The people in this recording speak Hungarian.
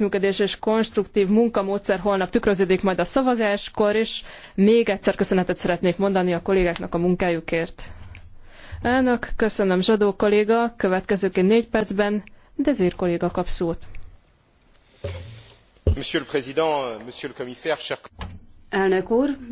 együttműködés és konstruktív munkamódszer holnap tükröződik majd a szavazáskor, és még egyszer köszönetet szeretnék mondani a kollégáknak a munkájukért. Elnök, köszönöm Zsadó kolléga, következőként négy percben Dezir kolléga kap szót. Monsieur le Président, Monsieur le Commissaire, chers... Elnök úr,